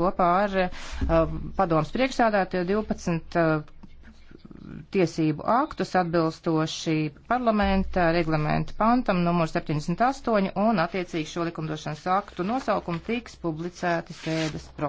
kopā ar uh, eh, padomus priekšsādātāju 12 uh, eh, tiesību aktus atbilstoši parlamenta reglamentu pantam numur 78 un attiecīgi šo likumdošanas aktu nosaukumu tiks publicēti sēdes protokolā.